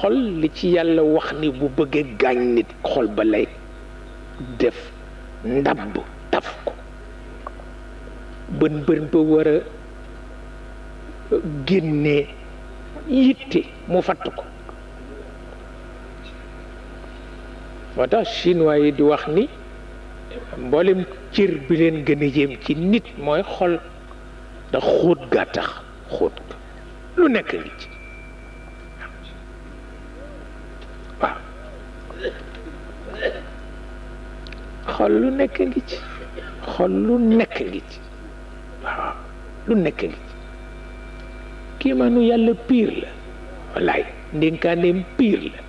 xol li ci yàlla wax ni bu bëggee gaañ nit xol ba lay def ndàbb taf ko bën bën ba war a yitte mu fatt ko moo tax chinois yi di wax ni mboolem cër bi leen gën a ci nit mooy xol da xóot gaa tax xóot lu nekk ngi ci xol lu nekk ngi ci xol lu nekk ngi ci lu nekk ngi ci kii maanu yàlla piir la wallaay ndénkaaneem piir la